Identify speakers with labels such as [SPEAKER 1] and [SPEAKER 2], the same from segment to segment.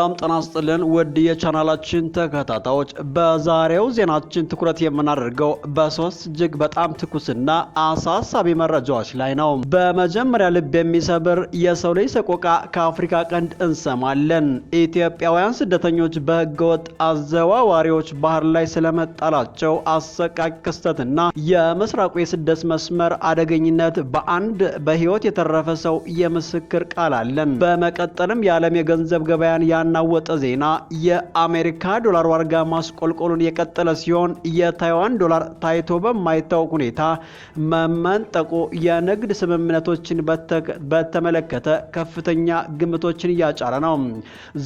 [SPEAKER 1] ሰላም ጤና ይስጥልን ውድ የቻናላችን ተከታታዮች፣ በዛሬው ዜናችን ትኩረት የምናደርገው በሶስት እጅግ በጣም ትኩስና አሳሳቢ መረጃዎች ላይ ነው። በመጀመሪያ ልብ የሚሰብር የሰው ልጅ ሰቆቃ ከአፍሪካ ቀንድ እንሰማለን። ኢትዮጵያውያን ስደተኞች በህገወጥ አዘዋዋሪዎች ባህር ላይ ስለመጣላቸው አሰቃቂ ክስተትና የምስራቁ የስደት መስመር አደገኝነት በአንድ በህይወት የተረፈ ሰው የምስክር ቃል አለን። በመቀጠልም የዓለም የገንዘብ ገበያን ያን ያናወጠ ዜና የአሜሪካ ዶላር ዋርጋ ማስቆልቆሉን የቀጠለ ሲሆን የታይዋን ዶላር ታይቶ በማይታወቅ ሁኔታ መመንጠቁ የንግድ ስምምነቶችን በተመለከተ ከፍተኛ ግምቶችን እያጫረ ነው።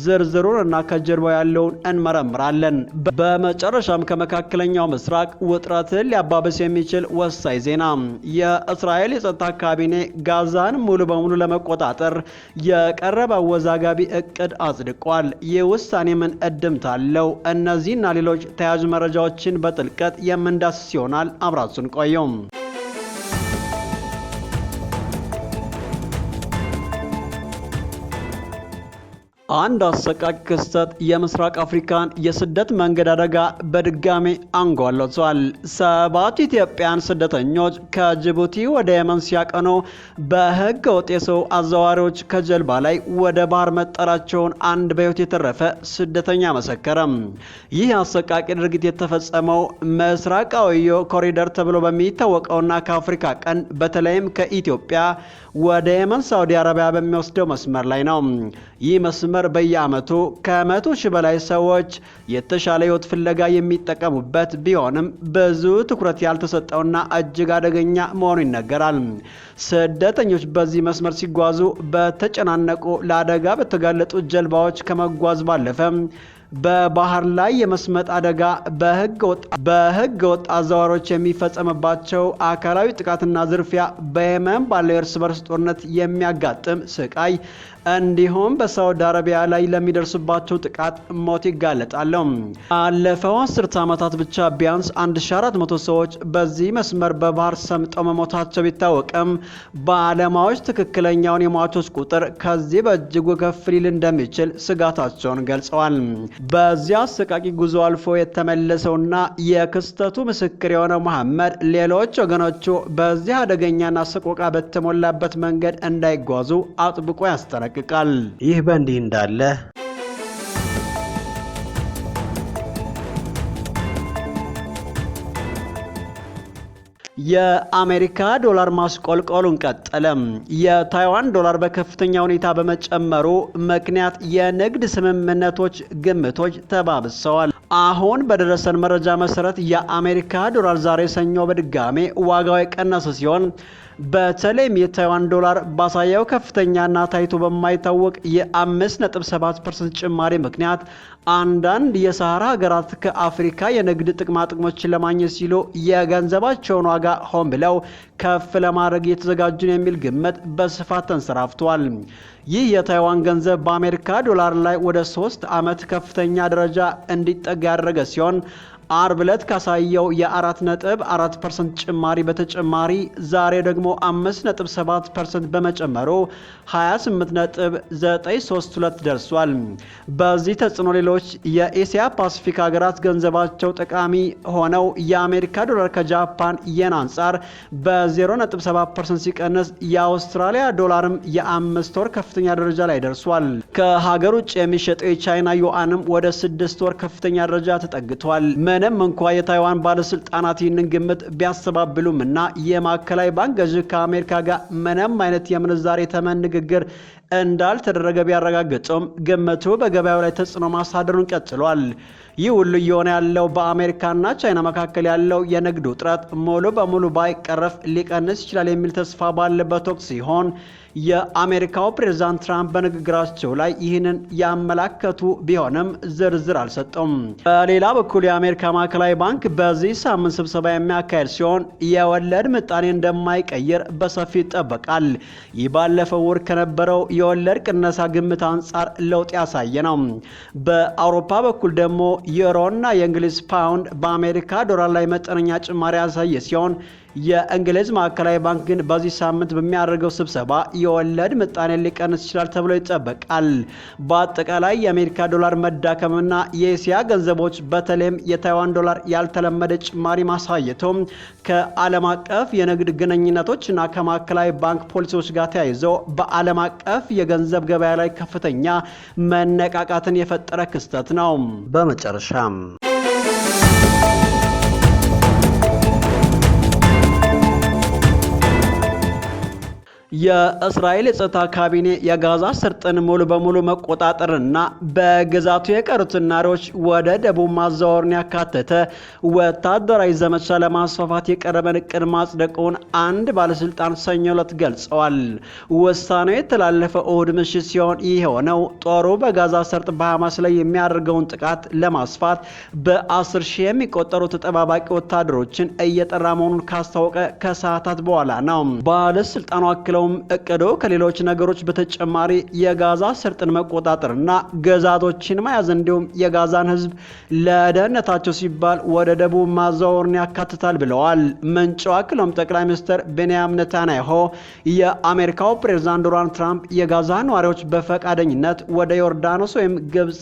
[SPEAKER 1] ዝርዝሩን እና ከጀርባው ያለውን እንመረምራለን። በመጨረሻም ከመካከለኛው ምስራቅ ውጥረትን ሊያባብስ የሚችል ወሳኝ ዜና የእስራኤል የጸጥታ ካቢኔ ጋዛን ሙሉ በሙሉ ለመቆጣጠር የቀረበ አወዛጋቢ እቅድ አጽድቋል። አስታውቀዋል። ይህ ውሳኔ ምን እድምት አለው? እነዚህና ሌሎች ተያያዥ መረጃዎችን በጥልቀት የምንዳስስ ይሆናል። አብራችን ቆየም። አንድ አሰቃቂ ክስተት የምስራቅ አፍሪካን የስደት መንገድ አደጋ በድጋሜ አንጓሎቷል። ሰባት ኢትዮጵያን ስደተኞች ከጅቡቲ ወደ የመን ሲያቀኑ በህገ ወጥ የሰው አዘዋሪዎች ከጀልባ ላይ ወደ ባህር መጠራቸውን አንድ በሕይወት የተረፈ ስደተኛ መሰከረም። ይህ አሰቃቂ ድርጊት የተፈጸመው ምስራቃዊ ኮሪደር ተብሎ በሚታወቀውና ከአፍሪካ ቀን በተለይም ከኢትዮጵያ ወደ የመን ሳውዲ አረቢያ በሚወስደው መስመር ላይ ነው። ይህ መስመር በየዓመቱ ከመቶ ሺህ በላይ ሰዎች የተሻለ ህይወት ፍለጋ የሚጠቀሙበት ቢሆንም ብዙ ትኩረት ያልተሰጠውና እጅግ አደገኛ መሆኑ ይነገራል። ስደተኞች በዚህ መስመር ሲጓዙ በተጨናነቁ ለአደጋ በተጋለጡ ጀልባዎች ከመጓዝ ባለፈ በባህር ላይ የመስመጥ አደጋ በህገ ወጥ አዘዋሮች የሚፈጸምባቸው አካላዊ ጥቃትና ዝርፊያ በየመን ባለው የእርስ በርስ ጦርነት የሚያጋጥም ስቃይ እንዲሁም በሳውዲ አረቢያ ላይ ለሚደርስባቸው ጥቃት ሞት ይጋለጣሉ። አለፈው አስርተ ዓመታት ብቻ ቢያንስ 1400 ሰዎች በዚህ መስመር በባህር ሰምጠው መሞታቸው ቢታወቅም በዓለማዎች ትክክለኛውን የሟቾች ቁጥር ከዚህ በእጅጉ ከፍ ሊል እንደሚችል ስጋታቸውን ገልጸዋል። በዚህ አሰቃቂ ጉዞ አልፎ የተመለሰውና የክስተቱ ምስክር የሆነው መሐመድ ሌሎች ወገኖቹ በዚህ አደገኛና ሰቆቃ በተሞላበት መንገድ እንዳይጓዙ አጥብቆ ያስጠነቅ ይለቀቃል።
[SPEAKER 2] ይህ በእንዲህ እንዳለ የአሜሪካ ዶላር ማስቆልቆሉን ቀጠለም። የታይዋን ዶላር በከፍተኛ ሁኔታ በመጨመሩ ምክንያት የንግድ ስምምነቶች ግምቶች ተባብሰዋል። አሁን በደረሰን መረጃ መሰረት የአሜሪካ ዶላር ዛሬ ሰኞ በድጋሜ ዋጋው የቀነሰ ሲሆን በተለይም የታይዋን ዶላር ባሳየው ከፍተኛና ታይቶ በማይታወቅ የ5.7 ፐርሰንት ጭማሪ ምክንያት አንዳንድ የሰሃራ ሀገራት ከአፍሪካ የንግድ ጥቅማ ጥቅሞችን ለማግኘት ሲሉ የገንዘባቸውን ዋጋ ሆን ብለው ከፍ ለማድረግ የተዘጋጁን የሚል ግምት በስፋት ተንሰራፍቷል። ይህ የታይዋን ገንዘብ በአሜሪካ ዶላር ላይ ወደ ሶስት ዓመት ከፍተኛ ደረጃ እንዲጠጋ ያደረገ ሲሆን አርብ ዕለት ካሳየው የአራት ነጥብ አራት ፐርሰንት ጭማሪ በተጨማሪ ዛሬ ደግሞ አምስት ነጥብ ሰባት ፐርሰንት በመጨመሩ 28 ነጥብ 932 ደርሷል። በዚህ ተጽዕኖ ሌሎች የኤስያ ፓሲፊክ ሀገራት ገንዘባቸው ጠቃሚ ሆነው የአሜሪካ ዶላር ከጃፓን የን አንጻር በ0.7 ፐርሰንት ሲቀንስ የአውስትራሊያ ዶላርም የአምስት ወር ከፍተኛ ደረጃ ላይ ደርሷል። ከሀገር ውጭ የሚሸጠው የቻይና ዩዋንም ወደ ስድስት ወር ከፍተኛ ደረጃ ተጠግቷል። ምንም እንኳ የታይዋን ባለስልጣናት ይህንን ግምት ቢያስተባብሉም እና የማዕከላዊ ባንክ ገዥ ከአሜሪካ ጋር ምንም አይነት የምንዛሬ ተመን ንግግር እንዳልተደረገ ቢያረጋግጡም ግምቱ በገበያው ላይ ተጽዕኖ ማሳደሩን ቀጥሏል። ይህ ሁሉ እየሆነ ያለው በአሜሪካና ቻይና መካከል ያለው የንግድ ውጥረት ሙሉ በሙሉ ባይቀረፍ ሊቀንስ ይችላል የሚል ተስፋ ባለበት ወቅት ሲሆን የአሜሪካው ፕሬዝዳንት ትራምፕ በንግግራቸው ላይ ይህንን ያመላከቱ ቢሆንም ዝርዝር አልሰጡም። በሌላ በኩል የአሜሪካ ማዕከላዊ ባንክ በዚህ ሳምንት ስብሰባ የሚያካሄድ ሲሆን የወለድ ምጣኔ እንደማይቀይር በሰፊ ይጠበቃል። ይህ ባለፈው ወር ከነበረው የወለድ ቅነሳ ግምት አንጻር ለውጥ ያሳየ ነው። በአውሮፓ በኩል ደግሞ ዩሮና የእንግሊዝ ፓውንድ በአሜሪካ ዶላር ላይ መጠነኛ ጭማሪ ያሳየ ሲሆን የእንግሊዝ ማዕከላዊ ባንክ ግን በዚህ ሳምንት በሚያደርገው ስብሰባ የወለድ ምጣኔ ሊቀንስ ይችላል ተብሎ ይጠበቃል። በአጠቃላይ የአሜሪካ ዶላር መዳከምና የእስያ ገንዘቦች በተለይም የታይዋን ዶላር ያልተለመደ ጭማሪ ማሳየቱም ከዓለም አቀፍ የንግድ ግንኙነቶች እና ከማዕከላዊ ባንክ ፖሊሲዎች ጋር ተያይዞ በዓለም አቀፍ የገንዘብ ገበያ ላይ ከፍተኛ መነቃቃትን የፈጠረ ክስተት ነው። በመጨረሻም የእስራኤል የጸጥታ ካቢኔ የጋዛ ሰርጥን ሙሉ በሙሉ መቆጣጠርና በግዛቱ የቀሩትን ናሪዎች ወደ ደቡብ ማዛወርን ያካተተ ወታደራዊ ዘመቻ ለማስፋፋት የቀረበን እቅድ ማጽደቁን አንድ ባለስልጣን ሰኞ ዕለት ገልጸዋል። ውሳኔው የተላለፈው እሁድ ምሽት ሲሆን ይህ የሆነው ጦሩ በጋዛ ሰርጥ በሐማስ ላይ የሚያደርገውን ጥቃት ለማስፋት በአስር ሺህ የሚቆጠሩ ተጠባባቂ ወታደሮችን እየጠራ መሆኑን ካስታወቀ ከሰዓታት በኋላ ነው። ባለስልጣኑ አክለው ያለውም እቅዶ ከሌሎች ነገሮች በተጨማሪ የጋዛ ስርጥን መቆጣጠርና ግዛቶችን መያዝ እንዲሁም የጋዛን ህዝብ ለደህንነታቸው ሲባል ወደ ደቡብ ማዛወርን ያካትታል ብለዋል። ምንጩ አክሎም ጠቅላይ ሚኒስትር ቤንያም ኔታንያሆ የአሜሪካው ፕሬዝዳንት ዶናልድ ትራምፕ የጋዛ ነዋሪዎች በፈቃደኝነት ወደ ዮርዳኖስ ወይም ግብፅ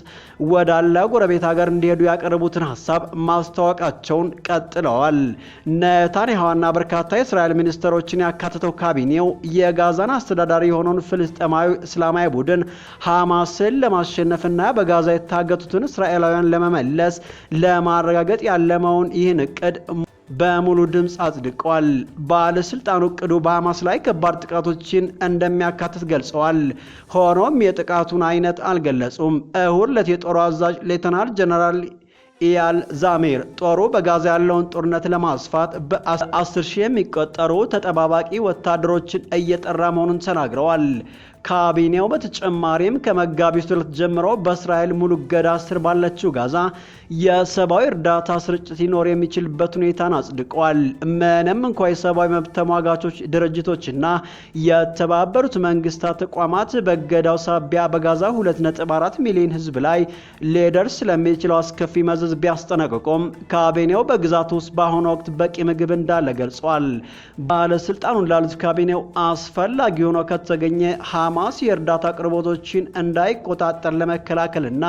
[SPEAKER 2] ወዳለ ጎረቤት ሀገር እንዲሄዱ ያቀረቡትን ሀሳብ ማስታወቃቸውን ቀጥለዋል። ኔታንያሆና በርካታ የእስራኤል ሚኒስትሮችን ያካትተው ካቢኔው የጋዛን አስተዳዳሪ የሆነውን ፍልስጤማዊ እስላማዊ ቡድን ሐማስን ለማሸነፍና በጋዛ የታገቱትን እስራኤላውያን ለመመለስ ለማረጋገጥ ያለመውን ይህን እቅድ በሙሉ ድምፅ አጽድቀዋል። ባለስልጣኑ እቅዱ በሐማስ ላይ ከባድ ጥቃቶችን እንደሚያካትት ገልጸዋል። ሆኖም የጥቃቱን አይነት አልገለጹም። እሁድ ዕለት የጦሩ አዛዥ ሌተናል ጀነራል ኢያል ዛሜር ጦሩ በጋዛ ያለውን ጦርነት ለማስፋት በአስር ሺህ የሚቆጠሩ ተጠባባቂ ወታደሮችን እየጠራ መሆኑን ተናግረዋል። ካቢኔው በተጨማሪም ከመጋቢት ሁለት ጀምሮ በእስራኤል ሙሉ እገዳ ስር ባለችው ጋዛ የሰብአዊ እርዳታ ስርጭት ሊኖር የሚችልበት ሁኔታን አጽድቀዋል። ምንም እንኳ የሰብአዊ መብት ተሟጋቾች ድርጅቶችና የተባበሩት መንግስታት ተቋማት በእገዳው ሳቢያ በጋዛ 2.4 ሚሊዮን ህዝብ ላይ ሊደርስ ስለሚችለው አስከፊ መዘዝ ቢያስጠነቅቁም ካቢኔው በግዛት ውስጥ በአሁኑ ወቅት በቂ ምግብ እንዳለ ገልጿል። ባለስልጣኑ እንዳሉት ካቢኔው አስፈላጊ ሆኖ ከተገኘ ሐማስ የእርዳታ አቅርቦቶችን እንዳይቆጣጠር ለመከላከልና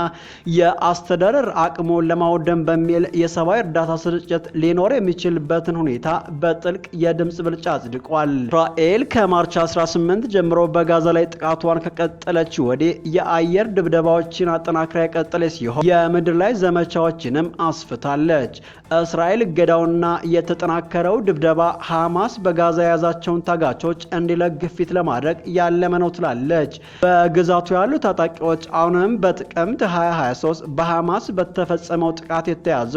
[SPEAKER 2] የአስተዳደር አቅሙን ለማውደም በሚል የሰብአዊ እርዳታ ስርጭት ሊኖር የሚችልበትን ሁኔታ በጥልቅ የድምፅ ብልጫ አጽድቋል። እስራኤል ከማርች 18 ጀምሮ በጋዛ ላይ ጥቃቷን ከቀጠለች ወዲህ የአየር ድብደባዎችን አጠናክራ የቀጠለ ሲሆን የምድር ላይ ዘመቻዎችንም አስፍታለች። እስራኤል እገዳውና የተጠናከረው ድብደባ ሐማስ በጋዛ የያዛቸውን ታጋቾች እንዲለቅ ግፊት ለማድረግ ያለመ ነው ትላለች። ትችላለች። በግዛቱ ያሉ ታጣቂዎች አሁንም በጥቅምት 2023 በሐማስ በተፈጸመው ጥቃት የተያዙ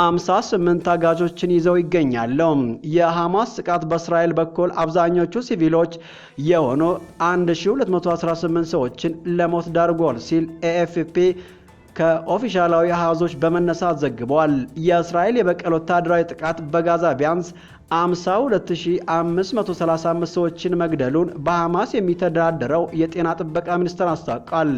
[SPEAKER 2] 58 አጋዦችን ይዘው ይገኛሉ። የሐማስ ጥቃት በእስራኤል በኩል አብዛኞቹ ሲቪሎች የሆኑ 1218 ሰዎችን ለሞት ዳርጓል ሲል ኤኤፍፒ ከኦፊሻላዊ አሃዞች በመነሳት ዘግቧል። የእስራኤል የበቀል ወታደራዊ ጥቃት በጋዛ ቢያንስ 52535 ሰዎችን መግደሉን በሐማስ የሚተዳደረው የጤና ጥበቃ ሚኒስቴር አስታውቋል።